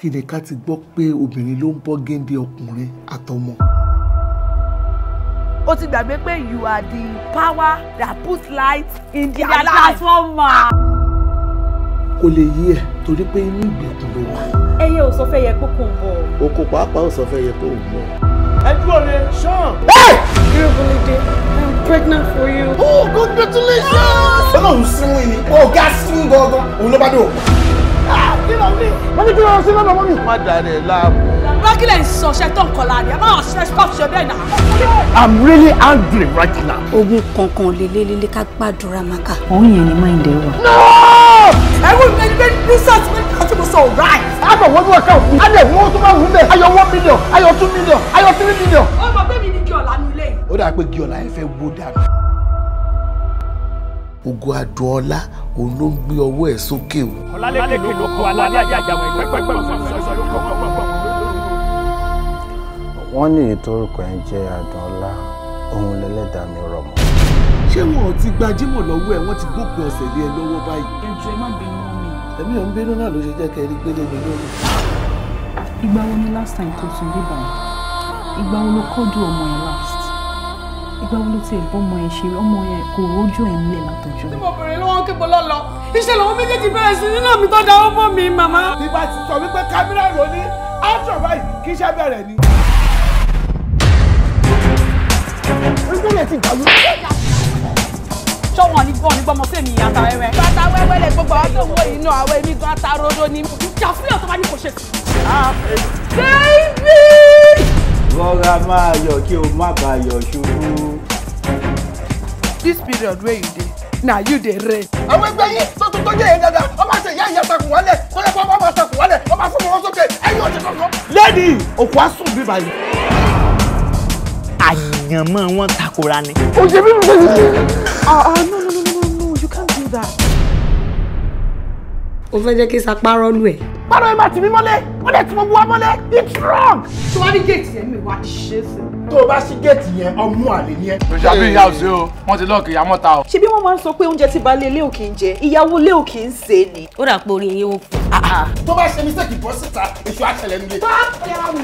kí ni ká ti gbọ́ pé obìnrin ló ń bọ́ géńdé ọkùnrin àtọmọ. ó ti gbàgbé pé you are the power that puts light in the transformer. kò lè yí ẹ torí pé inú ìgbèkùn ló wà. ẹyẹ ò sọ fẹ́ yẹ kó kò ń bọ̀. oko pàápàá ò sọ fẹ́ yẹ kó ń bọ̀. ẹ dúró re sean. beautiful lady i pregnant for you. oh congratulations. ọlọ́run sún mi ni ọ̀gá sún gangan òun ló bá dùn wọ́n ní kí ló ń sin lọ́nà mọ́mí. má dàrẹ̀ láàmú. rákìlẹ̀ ń sọ ṣe tó ń kọ́ láàrin àbá ọ̀ṣẹ́ stop ṣe bẹ́ẹ̀ náà. I'm really angry right now. ogun kankan lélẹ́lẹ́lẹ́ ká gbàdúrà màkà. òun yẹn ni máa ń dẹ̀ no ẹ̀rù mi gbé bísọ̀tì mi àti mo sọ right. a bọ̀ wọ́n ní ọ̀kẹ́ òkú. a lè wọ́n tó máa wù mẹ́. ayọ̀ one million ayọ̀ two million ayọ̀ three million. ó mọ̀ pé mi ni gíọ̀lá nílé. ó dà pé gíọ̀lá ẹ fẹ́ wó dàbí ògo Adùnọlá òun ló ń gbé ọwọ́ ẹ̀ sókè o. ọlálẹ́kẹ̀ ló kọ alálẹ́ àjàmọ̀ ìwé pẹ́pẹ́ wọ́n ní ìtorúkọ ẹ̀ jẹ́ Adùnọlá òun lẹ́lẹ́dàá mi rọ̀ ṣé wọn ò ti gbajúmọ̀ lọ́wọ́ ẹ̀ wọ́n ti gbópin ọ̀sẹ̀ lé ẹ lọ́wọ́ báyìí. ẹjọ́ ẹ má bínú mi. ẹ̀mí ò ń bínú náà ló ṣe jẹ́ kẹ́ ẹ rí gbélé mi lórí. ìgbà wo ni last time tó tún dé báyìí ìgbà wo ló kọ́ ọmọ ẹ̀ láti ìgbà wo ló ti ẹ̀ bọ́mọ ẹ̀ ṣe ọmọ yẹn kò rójú ẹ̀ ńlẹ̀ látọjọ́. tí mo bèrè lọ́wọ́ kí mo lọ lọ iṣẹ́ làwọn méjèèjì bẹ̀rẹ̀ sí nínú mi tó da ọmọ mi màmá. nígbà tí sọ wípé kámẹ́rà rò ní áṣọ báyìí kí iṣẹ́ bẹ̀rẹ̀ ni. ìpínlẹ̀ ti dàlú. sọ́wọ́n ní gbọ́n ní gbọ́mọ sẹ́mi àtà wẹ́wẹ́. bàtà wẹ́wẹ́ lè gbogbo àwọn tó wọ inú àwọn èmi gan-an rọra máa yọ̀ kí o má bàa yọ̀ ṣubú. this period wey you dey na you dey rain. àwọn ẹgbẹ́ yín tó tún tó yé yẹn dáadáa wọ́n máa ṣe ìyá ìyá takùn wálẹ̀ tó yẹ kó wọ́n máa takùn wálẹ̀ wọ́n máa fún wọn sókè ẹ̀yìn ọ̀sẹ̀ kankan. lẹ́ẹ̀dì òkú á sùn bí báyìí. àyànmọ́ wọn takora ni. o ṣe bí mo ṣe ṣe. Ah, ah, no no no no no you can't do that. o fẹ́ jẹ́ kí sapá rọ́ọ̀lù ẹ̀ pàrọ̀ ẹ̀ máa tì mí mọ́lẹ̀ wọ́n dẹ̀ ti mọ̀ wá mọ́lẹ̀ it's wrong. tó wá ní géètì yẹn mi wá ti ṣe é sí. tó o bá ṣí géètì yẹn ọmú àlè ni ẹ. òṣìṣẹ́ bí ìyá òsè o wọ́n ti lọ́ọ̀kì ìyá mọ́ta o. ṣebí wọ́n máa ń sọ pé oúnjẹ tí baálé ilé òkè ń jẹ ìyàwó ilé òkè ń ṣe é ni. ó dà pé orin yín ó kù. tó bá ṣe mistake bọ́ síta èso àṣẹlẹ̀ nílé. bá a fẹ́ mi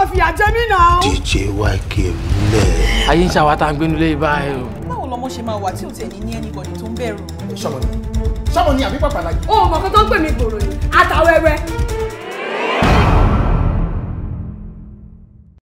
máa fìyà jẹ mí náà. DJ YK múlẹ̀. ayé ń ṣàwá tá a ń gbénu lé báyìí o. báwo lọmọ ṣe máa wà tí ò tẹ̀ ní ní ẹnìbọ̀dì tó ń bẹ̀rù. sọmọ ni sọmọ ni àbí pàpàlà. o mọ̀ kó tó ń pè mí gbòòrò yìí